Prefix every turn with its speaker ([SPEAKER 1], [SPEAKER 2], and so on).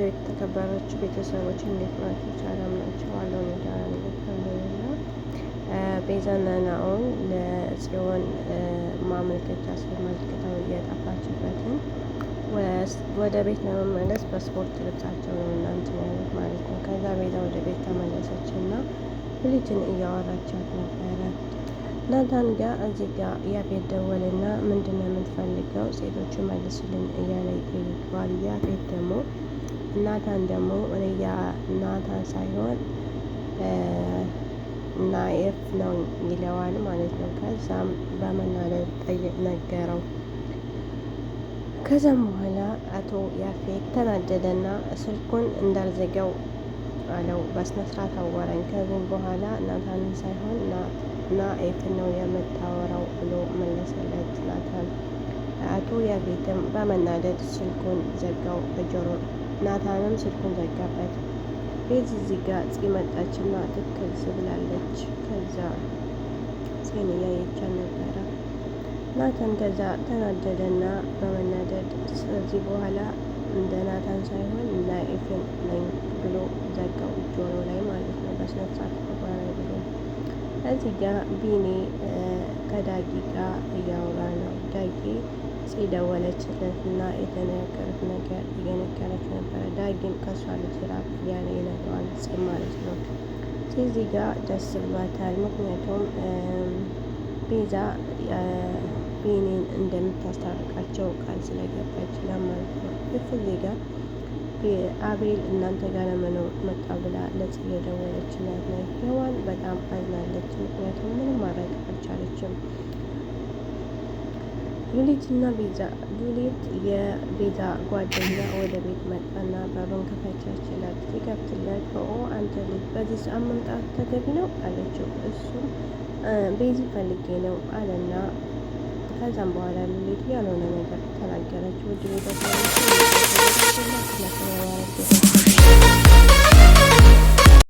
[SPEAKER 1] ውድ የተከበራችሁ ቤተሰቦች እንዴት ናችሁ? ሰላም ናቸው አለው ሜዳና ቤዛና ናኦል ለጽዮን ማመልከቻ አስመልክተው እየጠፋችበትን ወደ ቤት ለመመለስ በስፖርት ልብሳቸው ነው እናንት ያሉት ማለት ነው። ከዛ ቤዛ ወደ ቤት ተመለሰች እና ብሊትን እያወራቻት ነበረ ናታን ጋ እዚህ ጋር ያፌት ደወልና ምንድነው የምትፈልገው? ሴቶቹ መልስልን እያለ ይጠይቀዋል። ያፌት ደግሞ ናታን ደግሞ ያ ናታን ሳይሆን ናኤፍ ነው ይለዋል ማለት ነው። ከዛም በመናደድ ጠይቅ ነገረው። ከዛም በኋላ አቶ ያፌት ተናደደና ስልኩን እንዳልዘጋው አለው። በስነ ስርዓት አወራኝ። ከዚህም በኋላ ናታንን ሳይሆን ናኤፍን ነው የምታወራው ብሎ መለሰለት ናታን። አቶ ያፌትም በመናደድ ስልኩን ዘጋው በጆሮ ናታንም ስልኩን ዘጋበት። ቤት እዚህ ጋር መጣች እና ትክዝ ስብላለች። ከዛ ጽን እያየቻን ነበረ። ናታን ከዛ ተናደደ እና በመናደድ ከዚህ በኋላ እንደ ናታን ሳይሆን እና ኤፍን ነኝ ብሎ ዘጋው። ጆሮ ላይ ማለት ነው። በስነሳት ተቆራሪ ብሎ እዚህ ጋር ቢኔ ከዳጊ ጋር እያ እጽ ደወለችለት እና የተነገረት ነገር እየነገረች ነበረ። ዳግም ከሷ ልጅ ራቅ እያለ ይነግረዋል እጽ ማለት ነው። እዚህ ጋ ደስ ብሏታል። ምክንያቱም ቤዛ ቢኒን እንደምታስታርቃቸው ቃል ስለገባች ለማለት ነው። ልክ እዚህ ጋ አቤል እናንተ ጋር ለመኖር መጣ ብላ ለጽ እየደወለችላት ነው። ሔዋን በጣም አዝናለች። ምክንያቱም ምንም ማድረግ አልቻለችም። እና ቤዛ ጁሊት የቤዛ ጓደኛ ወደ ቤት መጣና በመንከፈቻችላት ሲከፍትለት በኦ አንተ ልጅ በዚህ ሰዓት መምጣት ተገቢ ነው አለችው። እሱም ቤዚ ፈልጌ ነው አለና ከዛም በኋላ ሉሊት ያልሆነ ነገር ተናገረችው። ውድ ቤተሰቦች